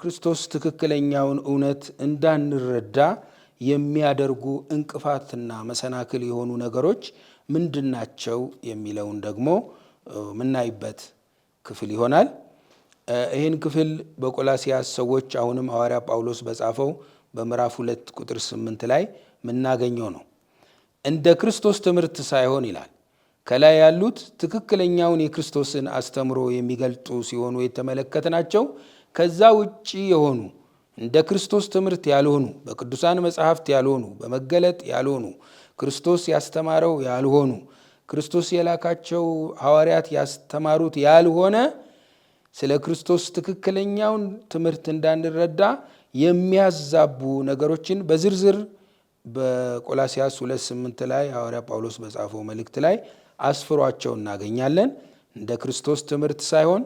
ክርስቶስ ትክክለኛውን እውነት እንዳንረዳ የሚያደርጉ እንቅፋትና መሰናክል የሆኑ ነገሮች ምንድናቸው? የሚለውን ደግሞ ምናይበት ክፍል ይሆናል። ይህን ክፍል በቆላሲያስ ሰዎች አሁንም ሐዋርያ ጳውሎስ በጻፈው በምዕራፍ ሁለት ቁጥር ስምንት ላይ የምናገኘው ነው። እንደ ክርስቶስ ትምህርት ሳይሆን ይላል ከላይ ያሉት ትክክለኛውን የክርስቶስን አስተምሮ የሚገልጡ ሲሆኑ የተመለከት ናቸው። ከዛ ውጭ የሆኑ እንደ ክርስቶስ ትምህርት ያልሆኑ፣ በቅዱሳን መጽሐፍት ያልሆኑ፣ በመገለጥ ያልሆኑ፣ ክርስቶስ ያስተማረው ያልሆኑ፣ ክርስቶስ የላካቸው ሐዋርያት ያስተማሩት ያልሆነ ስለ ክርስቶስ ትክክለኛውን ትምህርት እንዳንረዳ የሚያዛቡ ነገሮችን በዝርዝር በቆላሲያስ 2፥8 ላይ ሐዋርያ ጳውሎስ በጻፈው መልእክት ላይ አስፍሯቸው እናገኛለን። እንደ ክርስቶስ ትምህርት ሳይሆን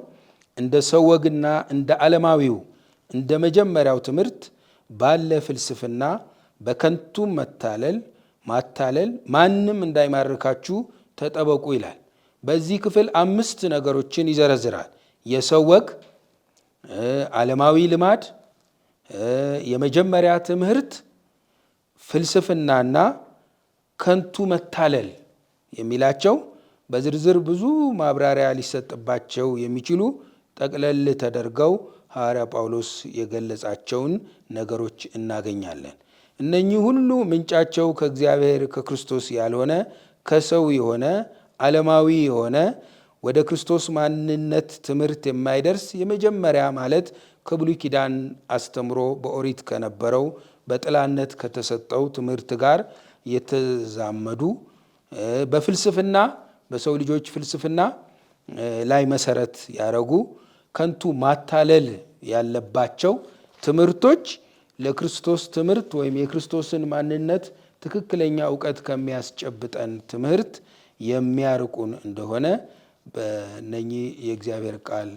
እንደ ሰው ወግና እንደ ዓለማዊው እንደ መጀመሪያው ትምህርት ባለ ፍልስፍና በከንቱ መታለል ማታለል ማንም እንዳይማርካችሁ ተጠበቁ ይላል። በዚህ ክፍል አምስት ነገሮችን ይዘረዝራል። የሰው ወግ፣ ዓለማዊ ልማድ፣ የመጀመሪያ ትምህርት፣ ፍልስፍናና ከንቱ መታለል የሚላቸው በዝርዝር ብዙ ማብራሪያ ሊሰጥባቸው የሚችሉ ጠቅለል ተደርገው ሐዋርያ ጳውሎስ የገለጻቸውን ነገሮች እናገኛለን። እነኚህ ሁሉ ምንጫቸው ከእግዚአብሔር ከክርስቶስ ያልሆነ ከሰው የሆነ ዓለማዊ የሆነ ወደ ክርስቶስ ማንነት ትምህርት የማይደርስ የመጀመሪያ ማለት ከብሉይ ኪዳን አስተምሮ በኦሪት ከነበረው በጥላነት ከተሰጠው ትምህርት ጋር የተዛመዱ በፍልስፍና በሰው ልጆች ፍልስፍና ላይ መሰረት ያደረጉ ከንቱ ማታለል ያለባቸው ትምህርቶች ለክርስቶስ ትምህርት ወይም የክርስቶስን ማንነት ትክክለኛ እውቀት ከሚያስጨብጠን ትምህርት የሚያርቁን እንደሆነ በእነኚህ የእግዚአብሔር ቃል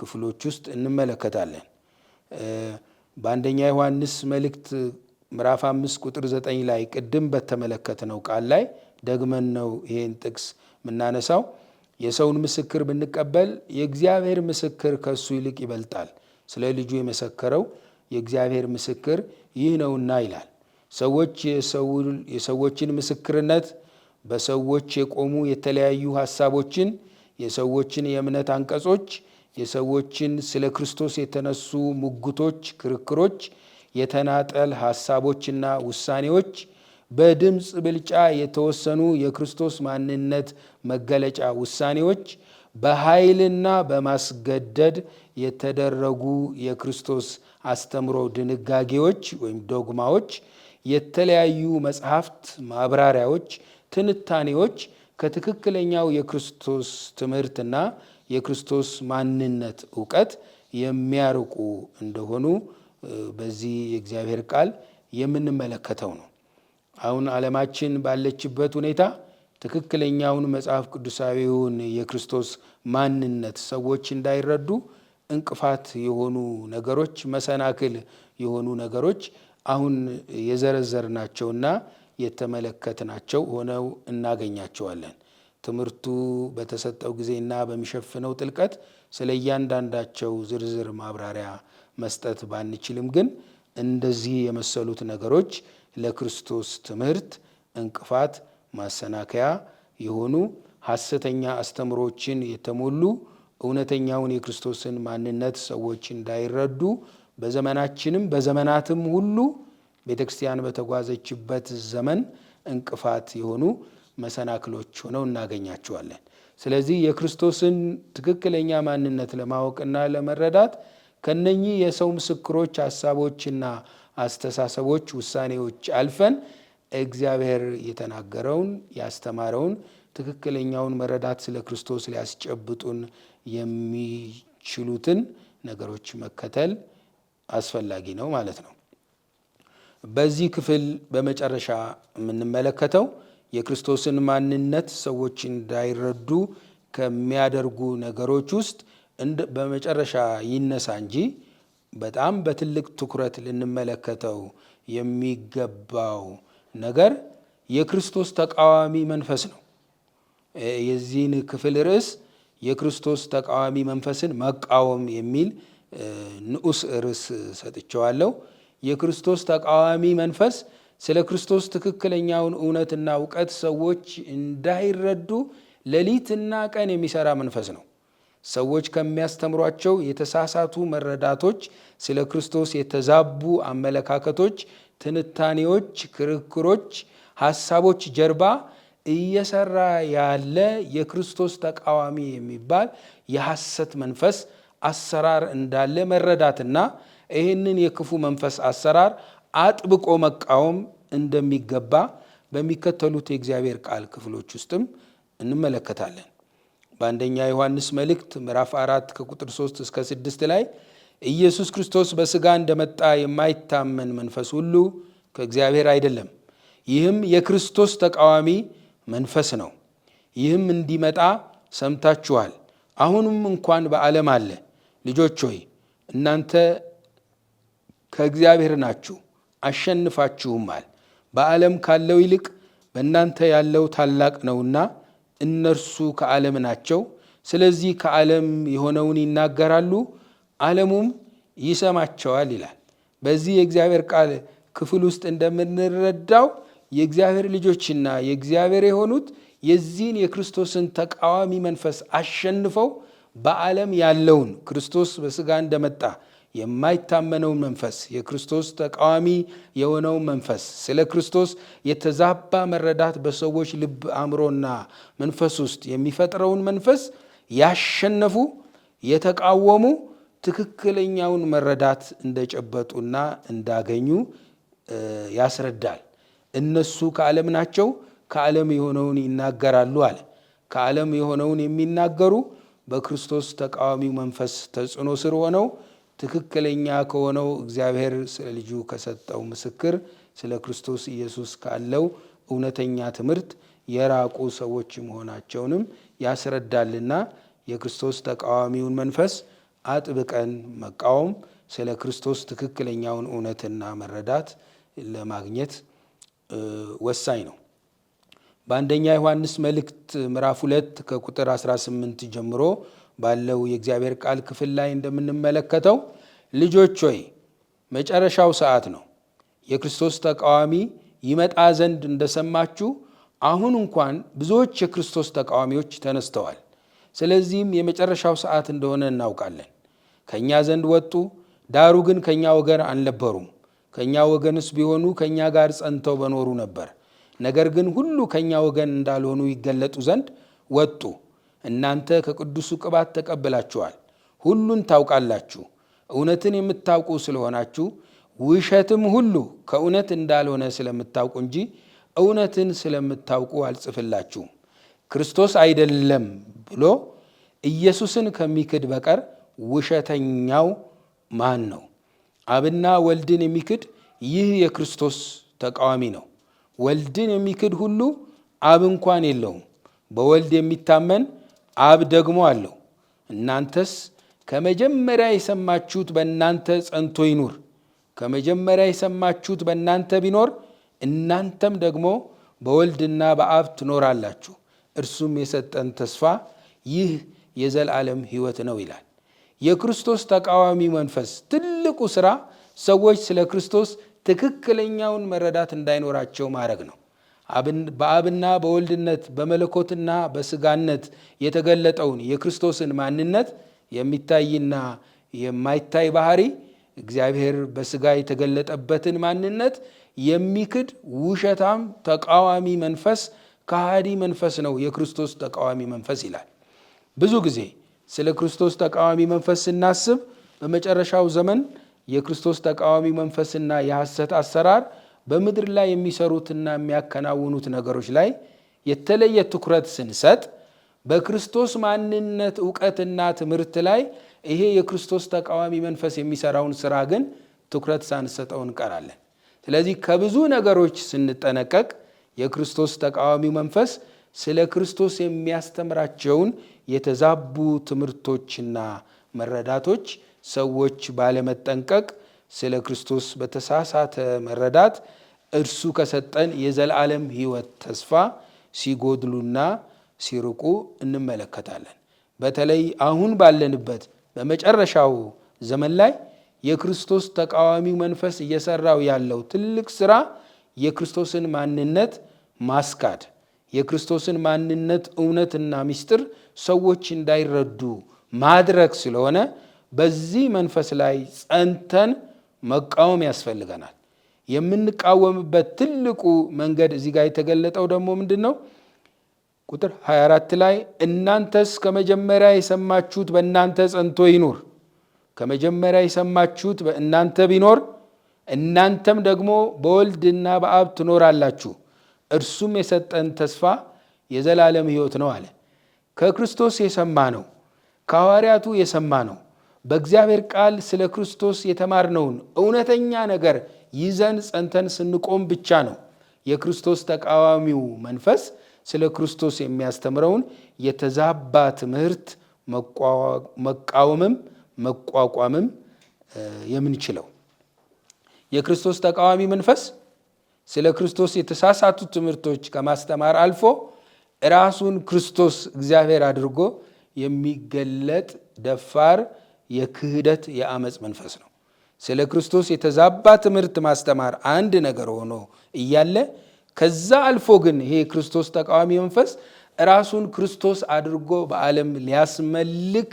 ክፍሎች ውስጥ እንመለከታለን። በአንደኛ ዮሐንስ መልእክት ምዕራፍ አምስት ቁጥር ዘጠኝ ላይ ቅድም በተመለከትነው ቃል ላይ ደግመን ነው ይሄን ጥቅስ የምናነሳው። የሰውን ምስክር ብንቀበል የእግዚአብሔር ምስክር ከእሱ ይልቅ ይበልጣል፣ ስለ ልጁ የመሰከረው የእግዚአብሔር ምስክር ይህ ነውና ይላል። ሰዎች የሰዎችን ምስክርነት በሰዎች የቆሙ የተለያዩ ሀሳቦችን የሰዎችን የእምነት አንቀጾች፣ የሰዎችን ስለ ክርስቶስ የተነሱ ሙግቶች፣ ክርክሮች፣ የተናጠል ሐሳቦችና ውሳኔዎች በድምፅ ብልጫ የተወሰኑ የክርስቶስ ማንነት መገለጫ ውሳኔዎች በኃይልና በማስገደድ የተደረጉ የክርስቶስ አስተምሮ ድንጋጌዎች ወይም ዶግማዎች፣ የተለያዩ መጽሐፍት ማብራሪያዎች፣ ትንታኔዎች ከትክክለኛው የክርስቶስ ትምህርትና የክርስቶስ ማንነት እውቀት የሚያርቁ እንደሆኑ በዚህ የእግዚአብሔር ቃል የምንመለከተው ነው። አሁን ዓለማችን ባለችበት ሁኔታ ትክክለኛውን መጽሐፍ ቅዱሳዊውን የክርስቶስ ማንነት ሰዎች እንዳይረዱ እንቅፋት የሆኑ ነገሮች፣ መሰናክል የሆኑ ነገሮች አሁን የዘረዘር ናቸውና የተመለከትናቸው ሆነው እናገኛቸዋለን። ትምህርቱ በተሰጠው ጊዜና በሚሸፍነው ጥልቀት ስለ እያንዳንዳቸው ዝርዝር ማብራሪያ መስጠት ባንችልም ግን እንደዚህ የመሰሉት ነገሮች ለክርስቶስ ትምህርት እንቅፋት፣ ማሰናከያ የሆኑ ሐሰተኛ አስተምሮችን የተሞሉ እውነተኛውን የክርስቶስን ማንነት ሰዎች እንዳይረዱ በዘመናችንም በዘመናትም ሁሉ ቤተ ክርስቲያን በተጓዘችበት ዘመን እንቅፋት የሆኑ መሰናክሎች ሆነው እናገኛቸዋለን። ስለዚህ የክርስቶስን ትክክለኛ ማንነት ለማወቅና ለመረዳት ከነኚህ የሰው ምስክሮች ሀሳቦችና አስተሳሰቦች፣ ውሳኔዎች አልፈን እግዚአብሔር የተናገረውን ያስተማረውን ትክክለኛውን መረዳት ስለ ክርስቶስ ሊያስጨብጡን የሚችሉትን ነገሮች መከተል አስፈላጊ ነው ማለት ነው። በዚህ ክፍል በመጨረሻ የምንመለከተው የክርስቶስን ማንነት ሰዎች እንዳይረዱ ከሚያደርጉ ነገሮች ውስጥ በመጨረሻ ይነሳ እንጂ በጣም በትልቅ ትኩረት ልንመለከተው የሚገባው ነገር የክርስቶስ ተቃዋሚ መንፈስ ነው። የዚህን ክፍል ርዕስ የክርስቶስ ተቃዋሚ መንፈስን መቃወም የሚል ንዑስ ርዕስ ሰጥቸዋለው። የክርስቶስ ተቃዋሚ መንፈስ ስለ ክርስቶስ ትክክለኛውን እውነትና እውቀት ሰዎች እንዳይረዱ ሌሊትና ቀን የሚሰራ መንፈስ ነው። ሰዎች ከሚያስተምሯቸው የተሳሳቱ መረዳቶች፣ ስለ ክርስቶስ የተዛቡ አመለካከቶች፣ ትንታኔዎች፣ ክርክሮች፣ ሀሳቦች ጀርባ እየሰራ ያለ የክርስቶስ ተቃዋሚ የሚባል የሐሰት መንፈስ አሰራር እንዳለ መረዳትና ይህንን የክፉ መንፈስ አሰራር አጥብቆ መቃወም እንደሚገባ በሚከተሉት የእግዚአብሔር ቃል ክፍሎች ውስጥም እንመለከታለን። በአንደኛ ዮሐንስ መልእክት ምዕራፍ አራት ከቁጥር 3 እስከ 6 ላይ ኢየሱስ ክርስቶስ በሥጋ እንደመጣ የማይታመን መንፈስ ሁሉ ከእግዚአብሔር አይደለም፣ ይህም የክርስቶስ ተቃዋሚ መንፈስ ነው። ይህም እንዲመጣ ሰምታችኋል፣ አሁንም እንኳን በዓለም አለ። ልጆች ሆይ እናንተ ከእግዚአብሔር ናችሁ አሸንፋችሁማል። በዓለም ካለው ይልቅ በእናንተ ያለው ታላቅ ነውና እነርሱ ከዓለም ናቸው። ስለዚህ ከዓለም የሆነውን ይናገራሉ፣ ዓለሙም ይሰማቸዋል ይላል። በዚህ የእግዚአብሔር ቃል ክፍል ውስጥ እንደምንረዳው የእግዚአብሔር ልጆችና የእግዚአብሔር የሆኑት የዚህን የክርስቶስን ተቃዋሚ መንፈስ አሸንፈው በዓለም ያለውን ክርስቶስ በሥጋ እንደመጣ የማይታመነውን መንፈስ የክርስቶስ ተቃዋሚ የሆነውን መንፈስ ስለ ክርስቶስ የተዛባ መረዳት በሰዎች ልብ አእምሮና መንፈስ ውስጥ የሚፈጥረውን መንፈስ ያሸነፉ የተቃወሙ ትክክለኛውን መረዳት እንደጨበጡና እንዳገኙ ያስረዳል። እነሱ ከዓለም ናቸው፣ ከዓለም የሆነውን ይናገራሉ አለ። ከዓለም የሆነውን የሚናገሩ በክርስቶስ ተቃዋሚው መንፈስ ተጽዕኖ ስር ሆነው ትክክለኛ ከሆነው እግዚአብሔር ስለ ልጁ ከሰጠው ምስክር ስለ ክርስቶስ ኢየሱስ ካለው እውነተኛ ትምህርት የራቁ ሰዎች መሆናቸውንም ያስረዳልና የክርስቶስ ተቃዋሚውን መንፈስ አጥብቀን መቃወም ስለ ክርስቶስ ትክክለኛውን እውነትና መረዳት ለማግኘት ወሳኝ ነው። በአንደኛ ዮሐንስ መልእክት ምዕራፍ ሁለት ከቁጥር 18 ጀምሮ ባለው የእግዚአብሔር ቃል ክፍል ላይ እንደምንመለከተው ልጆች ሆይ መጨረሻው ሰዓት ነው፣ የክርስቶስ ተቃዋሚ ይመጣ ዘንድ እንደሰማችሁ አሁን እንኳን ብዙዎች የክርስቶስ ተቃዋሚዎች ተነስተዋል። ስለዚህም የመጨረሻው ሰዓት እንደሆነ እናውቃለን። ከእኛ ዘንድ ወጡ፣ ዳሩ ግን ከእኛ ወገን አልነበሩም። ከእኛ ወገንስ ቢሆኑ ከእኛ ጋር ጸንተው በኖሩ ነበር። ነገር ግን ሁሉ ከእኛ ወገን እንዳልሆኑ ይገለጡ ዘንድ ወጡ። እናንተ ከቅዱሱ ቅባት ተቀብላችኋል፣ ሁሉን ታውቃላችሁ። እውነትን የምታውቁ ስለሆናችሁ ውሸትም ሁሉ ከእውነት እንዳልሆነ ስለምታውቁ እንጂ እውነትን ስለምታውቁ አልጽፍላችሁም። ክርስቶስ አይደለም ብሎ ኢየሱስን ከሚክድ በቀር ውሸተኛው ማን ነው? አብና ወልድን የሚክድ ይህ የክርስቶስ ተቃዋሚ ነው። ወልድን የሚክድ ሁሉ አብ እንኳን የለውም። በወልድ የሚታመን አብ ደግሞ አለው እናንተስ ከመጀመሪያ የሰማችሁት በእናንተ ጸንቶ ይኑር። ከመጀመሪያ የሰማችሁት በእናንተ ቢኖር እናንተም ደግሞ በወልድና በአብ ትኖራላችሁ። እርሱም የሰጠን ተስፋ ይህ የዘላለም ህይወት ነው ይላል። የክርስቶስ ተቃዋሚ መንፈስ ትልቁ ስራ ሰዎች ስለ ክርስቶስ ትክክለኛውን መረዳት እንዳይኖራቸው ማድረግ ነው። በአብና በወልድነት በመለኮትና በስጋነት የተገለጠውን የክርስቶስን ማንነት የሚታይና የማይታይ ባህሪ እግዚአብሔር በስጋ የተገለጠበትን ማንነት የሚክድ ውሸታም ተቃዋሚ መንፈስ ከሃዲ መንፈስ ነው የክርስቶስ ተቃዋሚ መንፈስ ይላል። ብዙ ጊዜ ስለ ክርስቶስ ተቃዋሚ መንፈስ ስናስብ በመጨረሻው ዘመን የክርስቶስ ተቃዋሚ መንፈስና የሐሰት አሰራር በምድር ላይ የሚሰሩትና የሚያከናውኑት ነገሮች ላይ የተለየ ትኩረት ስንሰጥ በክርስቶስ ማንነት እውቀትና ትምህርት ላይ ይሄ የክርስቶስ ተቃዋሚ መንፈስ የሚሰራውን ስራ ግን ትኩረት ሳንሰጠው እንቀራለን። ስለዚህ ከብዙ ነገሮች ስንጠነቀቅ የክርስቶስ ተቃዋሚ መንፈስ ስለ ክርስቶስ የሚያስተምራቸውን የተዛቡ ትምህርቶችና መረዳቶች ሰዎች ባለመጠንቀቅ ስለ ክርስቶስ በተሳሳተ መረዳት እርሱ ከሰጠን የዘላለም ህይወት ተስፋ ሲጎድሉና ሲርቁ እንመለከታለን። በተለይ አሁን ባለንበት በመጨረሻው ዘመን ላይ የክርስቶስ ተቃዋሚው መንፈስ እየሰራው ያለው ትልቅ ስራ የክርስቶስን ማንነት ማስካድ፣ የክርስቶስን ማንነት እውነትና ምስጢር ሰዎች እንዳይረዱ ማድረግ ስለሆነ በዚህ መንፈስ ላይ ጸንተን መቃወም ያስፈልገናል። የምንቃወምበት ትልቁ መንገድ እዚህ ጋር የተገለጠው ደግሞ ምንድን ነው? ቁጥር 24 ላይ እናንተስ ከመጀመሪያ የሰማችሁት በእናንተ ጸንቶ ይኑር፣ ከመጀመሪያ የሰማችሁት በእናንተ ቢኖር እናንተም ደግሞ በወልድና በአብ ትኖራላችሁ፣ እርሱም የሰጠን ተስፋ የዘላለም ሕይወት ነው አለ። ከክርስቶስ የሰማ ነው፣ ከሐዋርያቱ የሰማ ነው በእግዚአብሔር ቃል ስለ ክርስቶስ የተማርነውን እውነተኛ ነገር ይዘን ጸንተን ስንቆም ብቻ ነው የክርስቶስ ተቃዋሚው መንፈስ ስለ ክርስቶስ የሚያስተምረውን የተዛባ ትምህርት መቃወምም መቋቋምም የምንችለው። የክርስቶስ ተቃዋሚ መንፈስ ስለ ክርስቶስ የተሳሳቱ ትምህርቶች ከማስተማር አልፎ ራሱን ክርስቶስ እግዚአብሔር አድርጎ የሚገለጥ ደፋር የክህደት የአመፅ መንፈስ ነው። ስለ ክርስቶስ የተዛባ ትምህርት ማስተማር አንድ ነገር ሆኖ እያለ ከዛ አልፎ ግን ይሄ የክርስቶስ ተቃዋሚ መንፈስ ራሱን ክርስቶስ አድርጎ በዓለም ሊያስመልክ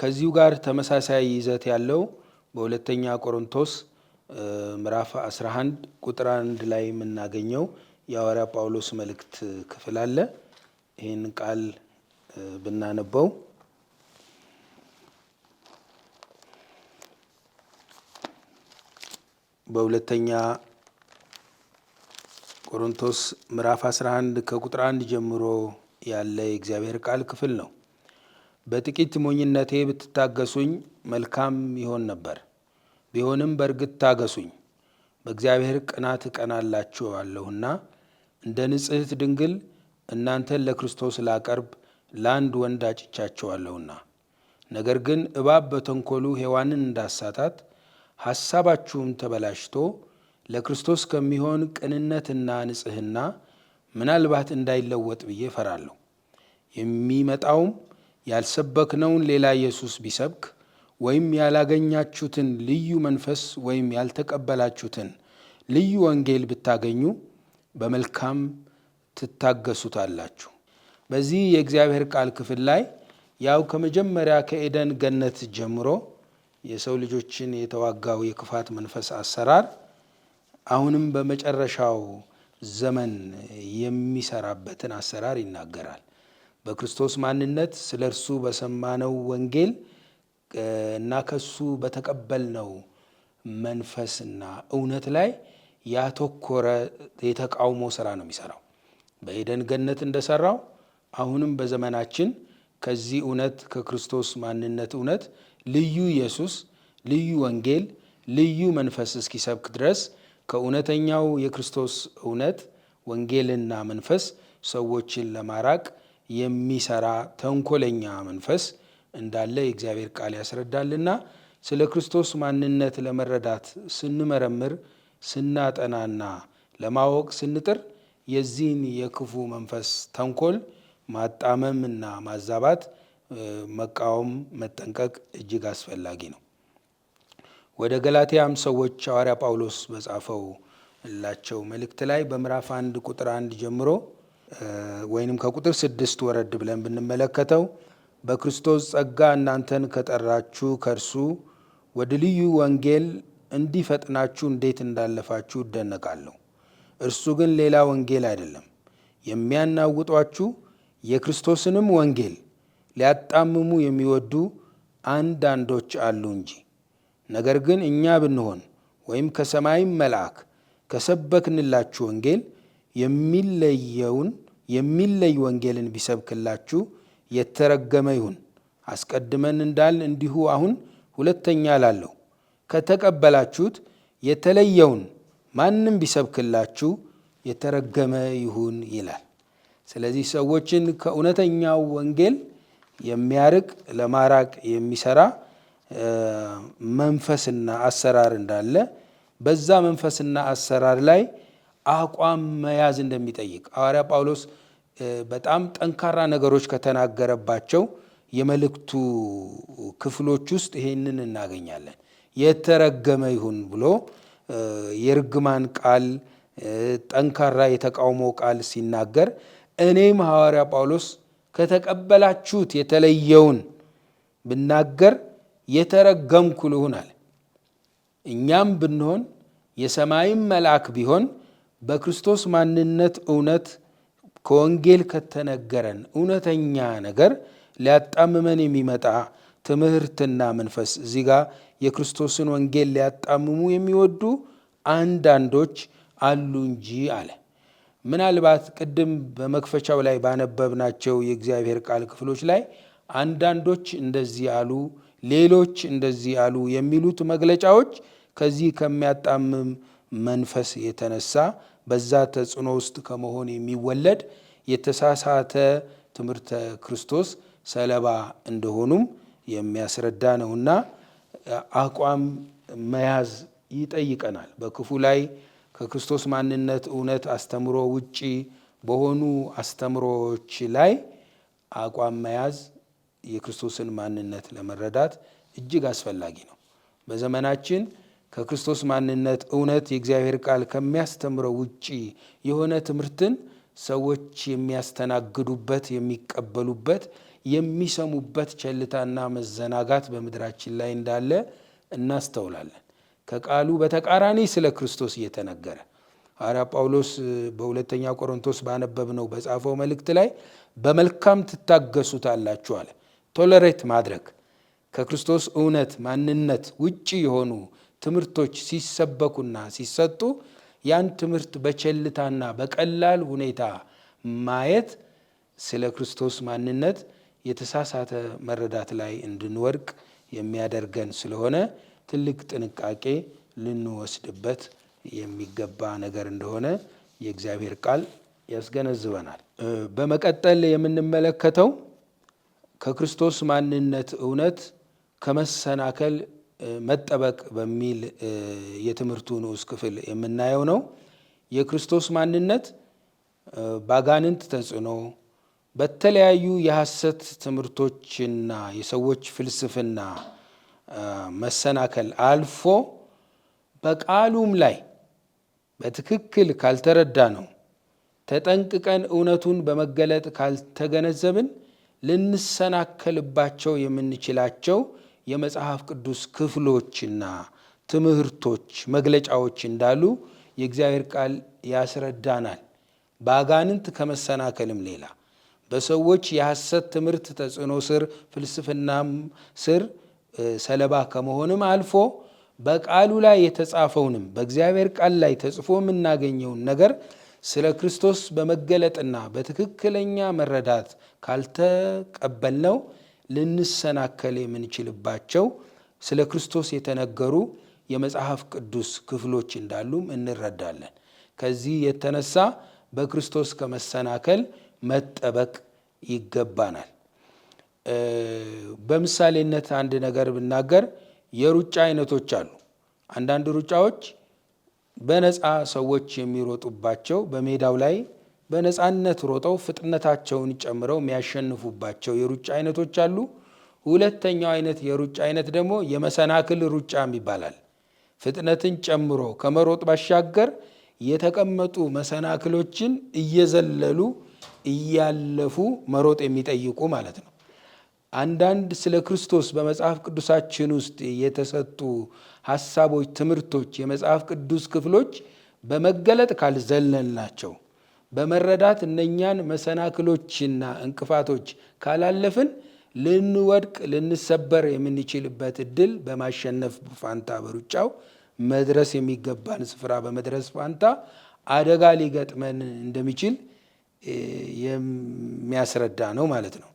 ከዚሁ ጋር ተመሳሳይ ይዘት ያለው በሁለተኛ ቆሮንቶስ ምዕራፍ 11 ቁጥር 1 ላይ የምናገኘው የሐዋርያ ጳውሎስ መልእክት ክፍል አለ። ይህን ቃል ብናነበው በሁለተኛ ቆሮንቶስ ምዕራፍ 11 ከቁጥር 1 ጀምሮ ያለ የእግዚአብሔር ቃል ክፍል ነው። በጥቂት ሞኝነቴ ብትታገሱኝ መልካም ይሆን ነበር፣ ቢሆንም በእርግጥ ታገሱኝ። በእግዚአብሔር ቅናት እቀናላችኋለሁና እንደ ንጽሕት ድንግል እናንተን ለክርስቶስ ላቀርብ ለአንድ ወንድ አጭቻችኋለሁና። ነገር ግን እባብ በተንኮሉ ሔዋንን እንዳሳታት ሐሳባችሁም ተበላሽቶ ለክርስቶስ ከሚሆን ቅንነትና ንጽህና ምናልባት እንዳይለወጥ ብዬ እፈራለሁ። የሚመጣውም ያልሰበክነውን ሌላ ኢየሱስ ቢሰብክ ወይም ያላገኛችሁትን ልዩ መንፈስ ወይም ያልተቀበላችሁትን ልዩ ወንጌል ብታገኙ በመልካም ትታገሱታላችሁ። በዚህ የእግዚአብሔር ቃል ክፍል ላይ ያው ከመጀመሪያ ከኤደን ገነት ጀምሮ የሰው ልጆችን የተዋጋው የክፋት መንፈስ አሰራር አሁንም በመጨረሻው ዘመን የሚሰራበትን አሰራር ይናገራል። በክርስቶስ ማንነት ስለ እርሱ በሰማነው ወንጌል እና ከሱ በተቀበልነው መንፈስና እውነት ላይ ያተኮረ የተቃውሞ ስራ ነው የሚሰራው። በኤደን ገነት እንደሰራው አሁንም በዘመናችን ከዚህ እውነት ከክርስቶስ ማንነት እውነት ልዩ ኢየሱስ፣ ልዩ ወንጌል፣ ልዩ መንፈስ እስኪሰብክ ድረስ ከእውነተኛው የክርስቶስ እውነት ወንጌልና መንፈስ ሰዎችን ለማራቅ የሚሰራ ተንኮለኛ መንፈስ እንዳለ የእግዚአብሔር ቃል ያስረዳልና ስለ ክርስቶስ ማንነት ለመረዳት ስንመረምር፣ ስናጠናና ለማወቅ ስንጥር የዚህን የክፉ መንፈስ ተንኮል ማጣመምና ማዛባት መቃወም፣ መጠንቀቅ እጅግ አስፈላጊ ነው። ወደ ገላትያም ሰዎች ሐዋርያ ጳውሎስ በጻፈው ላቸው መልእክት ላይ በምዕራፍ አንድ ቁጥር አንድ ጀምሮ ወይንም ከቁጥር ስድስት ወረድ ብለን ብንመለከተው በክርስቶስ ጸጋ እናንተን ከጠራችሁ ከእርሱ ወደ ልዩ ወንጌል እንዲፈጥናችሁ እንዴት እንዳለፋችሁ እደነቃለሁ። እርሱ ግን ሌላ ወንጌል አይደለም፣ የሚያናውጧችሁ የክርስቶስንም ወንጌል ሊያጣምሙ የሚወዱ አንዳንዶች አሉ እንጂ። ነገር ግን እኛ ብንሆን ወይም ከሰማይም መልአክ ከሰበክንላችሁ ወንጌል የሚለየውን የሚለይ ወንጌልን ቢሰብክላችሁ የተረገመ ይሁን። አስቀድመን እንዳል እንዲሁ አሁን ሁለተኛ እላለሁ፣ ከተቀበላችሁት የተለየውን ማንም ቢሰብክላችሁ የተረገመ ይሁን ይላል። ስለዚህ ሰዎችን ከእውነተኛው ወንጌል የሚያርቅ ለማራቅ የሚሰራ መንፈስና አሰራር እንዳለ በዛ መንፈስና አሰራር ላይ አቋም መያዝ እንደሚጠይቅ ሐዋርያ ጳውሎስ በጣም ጠንካራ ነገሮች ከተናገረባቸው የመልእክቱ ክፍሎች ውስጥ ይሄንን እናገኛለን። የተረገመ ይሁን ብሎ የርግማን ቃል ጠንካራ የተቃውሞ ቃል ሲናገር እኔም ሐዋርያ ጳውሎስ ከተቀበላችሁት የተለየውን ብናገር የተረገምኩ ልሁን አለ። እኛም ብንሆን የሰማይም መልአክ ቢሆን በክርስቶስ ማንነት እውነት ከወንጌል ከተነገረን እውነተኛ ነገር ሊያጣምመን የሚመጣ ትምህርትና መንፈስ እዚህ ጋር የክርስቶስን ወንጌል ሊያጣምሙ የሚወዱ አንዳንዶች አሉ እንጂ አለ። ምናልባት ቅድም በመክፈቻው ላይ ባነበብናቸው የእግዚአብሔር ቃል ክፍሎች ላይ አንዳንዶች እንደዚህ አሉ፣ ሌሎች እንደዚህ አሉ የሚሉት መግለጫዎች ከዚህ ከሚያጣምም መንፈስ የተነሳ በዛ ተጽዕኖ ውስጥ ከመሆን የሚወለድ የተሳሳተ ትምህርተ ክርስቶስ ሰለባ እንደሆኑም የሚያስረዳ ነውና አቋም መያዝ ይጠይቀናል። በክፉ ላይ ከክርስቶስ ማንነት እውነት አስተምሮ ውጪ በሆኑ አስተምሮዎች ላይ አቋም መያዝ የክርስቶስን ማንነት ለመረዳት እጅግ አስፈላጊ ነው። በዘመናችን ከክርስቶስ ማንነት እውነት የእግዚአብሔር ቃል ከሚያስተምረው ውጪ የሆነ ትምህርትን ሰዎች የሚያስተናግዱበት፣ የሚቀበሉበት፣ የሚሰሙበት ቸልታና መዘናጋት በምድራችን ላይ እንዳለ እናስተውላለን። ከቃሉ በተቃራኒ ስለ ክርስቶስ እየተነገረ ሐዋርያ ጳውሎስ በሁለተኛ ቆሮንቶስ ባነበብነው በጻፈው መልእክት ላይ በመልካም ትታገሱታላችሁ አለ። ቶለሬት ማድረግ ከክርስቶስ እውነት ማንነት ውጭ የሆኑ ትምህርቶች ሲሰበኩና ሲሰጡ ያን ትምህርት በቸልታና በቀላል ሁኔታ ማየት ስለ ክርስቶስ ማንነት የተሳሳተ መረዳት ላይ እንድንወድቅ የሚያደርገን ስለሆነ ትልቅ ጥንቃቄ ልንወስድበት የሚገባ ነገር እንደሆነ የእግዚአብሔር ቃል ያስገነዝበናል። በመቀጠል የምንመለከተው ከክርስቶስ ማንነት እውነት ከመሰናከል መጠበቅ በሚል የትምህርቱ ንዑስ ክፍል የምናየው ነው። የክርስቶስ ማንነት ባጋንንት ተጽዕኖ በተለያዩ የሐሰት ትምህርቶችና የሰዎች ፍልስፍና መሰናከል አልፎ በቃሉም ላይ በትክክል ካልተረዳ ነው ተጠንቅቀን እውነቱን በመገለጥ ካልተገነዘብን ልንሰናከልባቸው የምንችላቸው የመጽሐፍ ቅዱስ ክፍሎችና ትምህርቶች፣ መግለጫዎች እንዳሉ የእግዚአብሔር ቃል ያስረዳናል። በአጋንንት ከመሰናከልም ሌላ በሰዎች የሐሰት ትምህርት ተጽዕኖ ስር፣ ፍልስፍናም ስር ሰለባ ከመሆንም አልፎ በቃሉ ላይ የተጻፈውንም በእግዚአብሔር ቃል ላይ ተጽፎ የምናገኘውን ነገር ስለ ክርስቶስ በመገለጥና በትክክለኛ መረዳት ካልተቀበልነው ልንሰናከል የምንችልባቸው ስለ ክርስቶስ የተነገሩ የመጽሐፍ ቅዱስ ክፍሎች እንዳሉም እንረዳለን። ከዚህ የተነሳ በክርስቶስ ከመሰናከል መጠበቅ ይገባናል። በምሳሌነት አንድ ነገር ብናገር የሩጫ አይነቶች አሉ። አንዳንድ ሩጫዎች በነፃ ሰዎች የሚሮጡባቸው በሜዳው ላይ በነፃነት ሮጠው ፍጥነታቸውን ጨምረው የሚያሸንፉባቸው የሩጫ አይነቶች አሉ። ሁለተኛው አይነት የሩጫ አይነት ደግሞ የመሰናክል ሩጫም ይባላል። ፍጥነትን ጨምሮ ከመሮጥ ባሻገር የተቀመጡ መሰናክሎችን እየዘለሉ እያለፉ መሮጥ የሚጠይቁ ማለት ነው። አንዳንድ ስለ ክርስቶስ በመጽሐፍ ቅዱሳችን ውስጥ የተሰጡ ሀሳቦች፣ ትምህርቶች፣ የመጽሐፍ ቅዱስ ክፍሎች በመገለጥ ካልዘለልናቸው፣ በመረዳት እነኛን መሰናክሎችና እንቅፋቶች ካላለፍን ልንወድቅ ልንሰበር የምንችልበት እድል በማሸነፍ ፋንታ በሩጫው መድረስ የሚገባን ስፍራ በመድረስ ፋንታ አደጋ ሊገጥመን እንደሚችል የሚያስረዳ ነው ማለት ነው።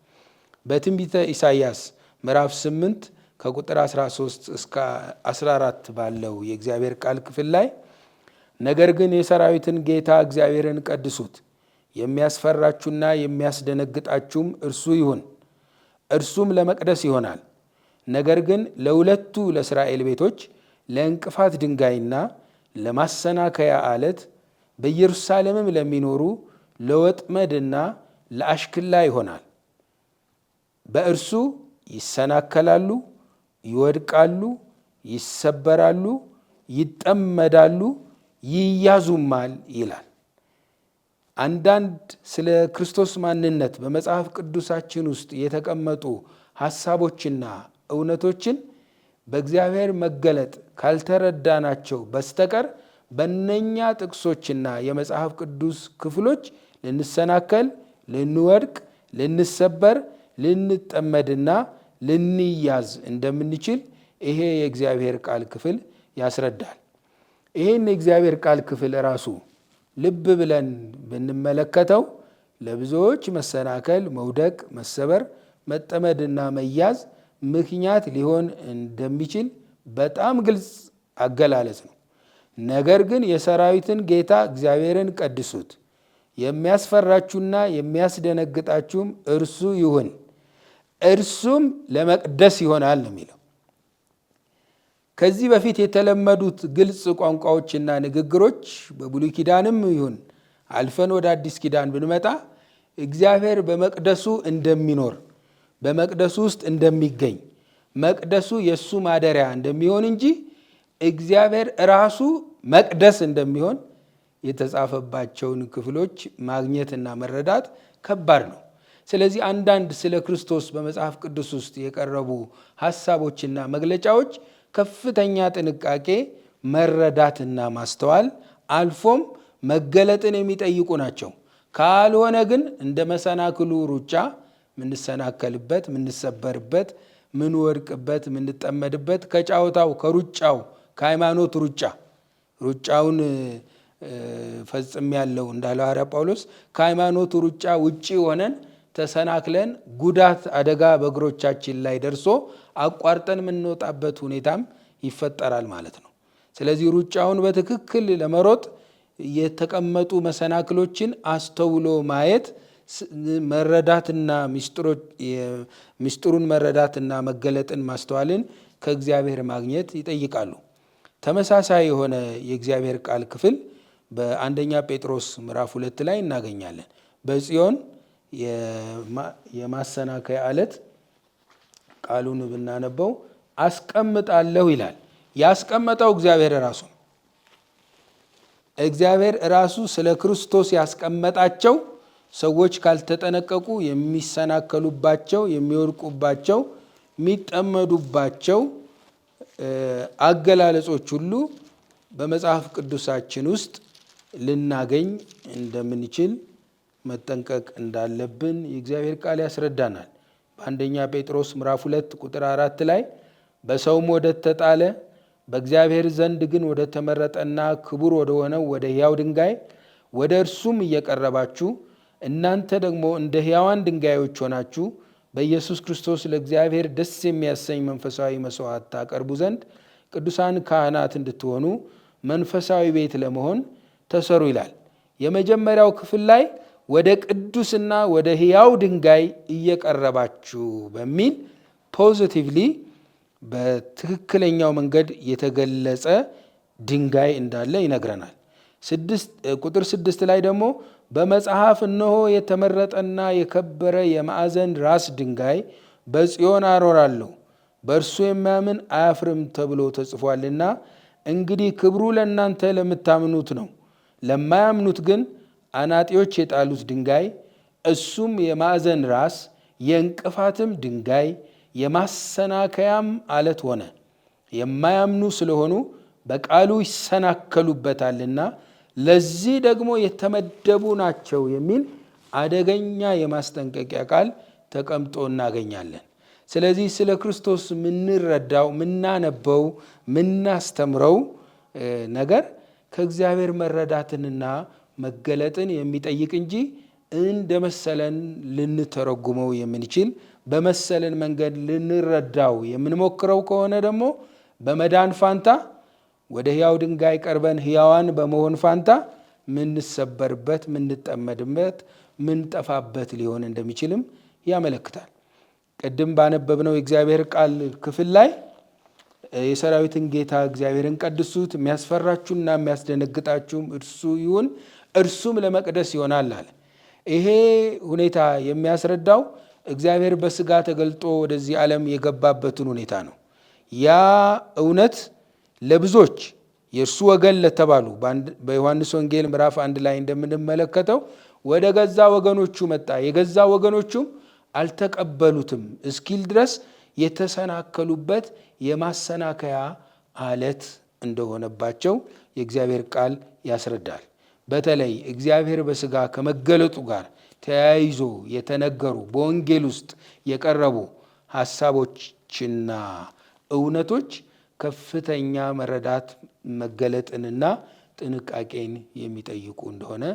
በትንቢተ ኢሳይያስ ምዕራፍ 8 ከቁጥር 13 እስከ 14 ባለው የእግዚአብሔር ቃል ክፍል ላይ ነገር ግን የሰራዊትን ጌታ እግዚአብሔርን ቀድሱት፣ የሚያስፈራችሁና የሚያስደነግጣችሁም እርሱ ይሁን፣ እርሱም ለመቅደስ ይሆናል። ነገር ግን ለሁለቱ ለእስራኤል ቤቶች ለእንቅፋት ድንጋይና ለማሰናከያ አለት በኢየሩሳሌምም ለሚኖሩ ለወጥመድና ለአሽክላ ይሆናል። በእርሱ ይሰናከላሉ፣ ይወድቃሉ፣ ይሰበራሉ፣ ይጠመዳሉ፣ ይያዙማል ይላል። አንዳንድ ስለ ክርስቶስ ማንነት በመጽሐፍ ቅዱሳችን ውስጥ የተቀመጡ ሐሳቦችና እውነቶችን በእግዚአብሔር መገለጥ ካልተረዳናቸው በስተቀር በእነኛ ጥቅሶችና የመጽሐፍ ቅዱስ ክፍሎች ልንሰናከል፣ ልንወድቅ፣ ልንሰበር ልንጠመድና ልንያዝ እንደምንችል ይሄ የእግዚአብሔር ቃል ክፍል ያስረዳል። ይህን የእግዚአብሔር ቃል ክፍል ራሱ ልብ ብለን ብንመለከተው ለብዙዎች መሰናከል፣ መውደቅ፣ መሰበር፣ መጠመድና መያዝ ምክንያት ሊሆን እንደሚችል በጣም ግልጽ አገላለጽ ነው። ነገር ግን የሰራዊትን ጌታ እግዚአብሔርን ቀድሱት፣ የሚያስፈራችሁና የሚያስደነግጣችሁም እርሱ ይሁን። እርሱም ለመቅደስ ይሆናል ነው የሚለው። ከዚህ በፊት የተለመዱት ግልጽ ቋንቋዎችና ንግግሮች በብሉይ ኪዳንም ይሁን አልፈን ወደ አዲስ ኪዳን ብንመጣ እግዚአብሔር በመቅደሱ እንደሚኖር፣ በመቅደሱ ውስጥ እንደሚገኝ፣ መቅደሱ የእሱ ማደሪያ እንደሚሆን እንጂ እግዚአብሔር ራሱ መቅደስ እንደሚሆን የተጻፈባቸውን ክፍሎች ማግኘትና መረዳት ከባድ ነው። ስለዚህ አንዳንድ ስለ ክርስቶስ በመጽሐፍ ቅዱስ ውስጥ የቀረቡ ሀሳቦችና መግለጫዎች ከፍተኛ ጥንቃቄ መረዳትና ማስተዋል አልፎም መገለጥን የሚጠይቁ ናቸው። ካልሆነ ግን እንደ መሰናክሉ ሩጫ ምንሰናከልበት፣ ምንሰበርበት፣ ምንወድቅበት፣ ምንጠመድበት ከጫወታው ከሩጫው ከሃይማኖት ሩጫ ሩጫውን ፈጽም ያለው እንዳለው ሐዋርያ ጳውሎስ ከሃይማኖት ሩጫ ውጪ ሆነን ተሰናክለን ጉዳት አደጋ በእግሮቻችን ላይ ደርሶ አቋርጠን የምንወጣበት ሁኔታም ይፈጠራል ማለት ነው። ስለዚህ ሩጫውን በትክክል ለመሮጥ የተቀመጡ መሰናክሎችን አስተውሎ ማየት መረዳትና ምስጢሩን መረዳትና መገለጥን ማስተዋልን ከእግዚአብሔር ማግኘት ይጠይቃሉ። ተመሳሳይ የሆነ የእግዚአብሔር ቃል ክፍል በአንደኛ ጴጥሮስ ምዕራፍ ሁለት ላይ እናገኛለን። በጽዮን የማሰናከያ አለት ቃሉን ብናነበው አስቀምጣለሁ ይላል። ያስቀመጠው እግዚአብሔር ራሱ ነው። እግዚአብሔር ራሱ ስለ ክርስቶስ ያስቀመጣቸው ሰዎች ካልተጠነቀቁ የሚሰናከሉባቸው፣ የሚወድቁባቸው፣ የሚጠመዱባቸው አገላለጾች ሁሉ በመጽሐፍ ቅዱሳችን ውስጥ ልናገኝ እንደምንችል መጠንቀቅ እንዳለብን የእግዚአብሔር ቃል ያስረዳናል። በአንደኛ ጴጥሮስ ምዕራፍ ሁለት ቁጥር አራት ላይ በሰውም ወደ ተጣለ በእግዚአብሔር ዘንድ ግን ወደ ተመረጠና ክቡር ወደ ሆነው ወደ ሕያው ድንጋይ ወደ እርሱም እየቀረባችሁ እናንተ ደግሞ እንደ ሕያዋን ድንጋዮች ሆናችሁ በኢየሱስ ክርስቶስ ለእግዚአብሔር ደስ የሚያሰኝ መንፈሳዊ መስዋዕት ታቀርቡ ዘንድ ቅዱሳን ካህናት እንድትሆኑ መንፈሳዊ ቤት ለመሆን ተሰሩ ይላል። የመጀመሪያው ክፍል ላይ ወደ ቅዱስና ወደ ሕያው ድንጋይ እየቀረባችሁ በሚል ፖዚቲቭሊ በትክክለኛው መንገድ የተገለጸ ድንጋይ እንዳለ ይነግረናል። ቁጥር ስድስት ላይ ደግሞ በመጽሐፍ እነሆ የተመረጠና የከበረ የማዕዘን ራስ ድንጋይ በጽዮን አኖራለሁ በእርሱ የሚያምን አያፍርም ተብሎ ተጽፏልና። እንግዲህ ክብሩ ለእናንተ ለምታምኑት ነው። ለማያምኑት ግን አናጢዎች የጣሉት ድንጋይ እሱም የማዕዘን ራስ የእንቅፋትም ድንጋይ የማሰናከያም አለት ሆነ። የማያምኑ ስለሆኑ በቃሉ ይሰናከሉበታልና ለዚህ ደግሞ የተመደቡ ናቸው የሚል አደገኛ የማስጠንቀቂያ ቃል ተቀምጦ እናገኛለን። ስለዚህ ስለ ክርስቶስ የምንረዳው፣ ምናነበው፣ ምናስተምረው ነገር ከእግዚአብሔር መረዳትንና መገለጥን የሚጠይቅ እንጂ እንደ መሰለን ልንተረጉመው የምንችል በመሰለን መንገድ ልንረዳው የምንሞክረው ከሆነ ደግሞ በመዳን ፋንታ ወደ ሕያው ድንጋይ ቀርበን ሕያዋን በመሆን ፋንታ ምንሰበርበት፣ ምንጠመድበት፣ ምንጠፋበት ሊሆን እንደሚችልም ያመለክታል። ቅድም ባነበብነው የእግዚአብሔር ቃል ክፍል ላይ የሰራዊትን ጌታ እግዚአብሔርን ቀድሱት፣ የሚያስፈራችሁና የሚያስደነግጣችሁም እርሱ ይሁን እርሱም ለመቅደስ ይሆናል አለ። ይሄ ሁኔታ የሚያስረዳው እግዚአብሔር በስጋ ተገልጦ ወደዚህ ዓለም የገባበትን ሁኔታ ነው። ያ እውነት ለብዙዎች የእርሱ ወገን ለተባሉ በዮሐንስ ወንጌል ምዕራፍ አንድ ላይ እንደምንመለከተው ወደ ገዛ ወገኖቹ መጣ፣ የገዛ ወገኖቹም አልተቀበሉትም እስኪል ድረስ የተሰናከሉበት የማሰናከያ አለት እንደሆነባቸው የእግዚአብሔር ቃል ያስረዳል። በተለይ እግዚአብሔር በስጋ ከመገለጡ ጋር ተያይዞ የተነገሩ በወንጌል ውስጥ የቀረቡ ሐሳቦችና እውነቶች ከፍተኛ መረዳት መገለጥንና ጥንቃቄን የሚጠይቁ እንደሆነ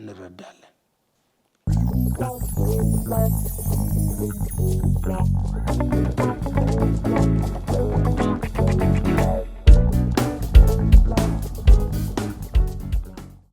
እንረዳለን።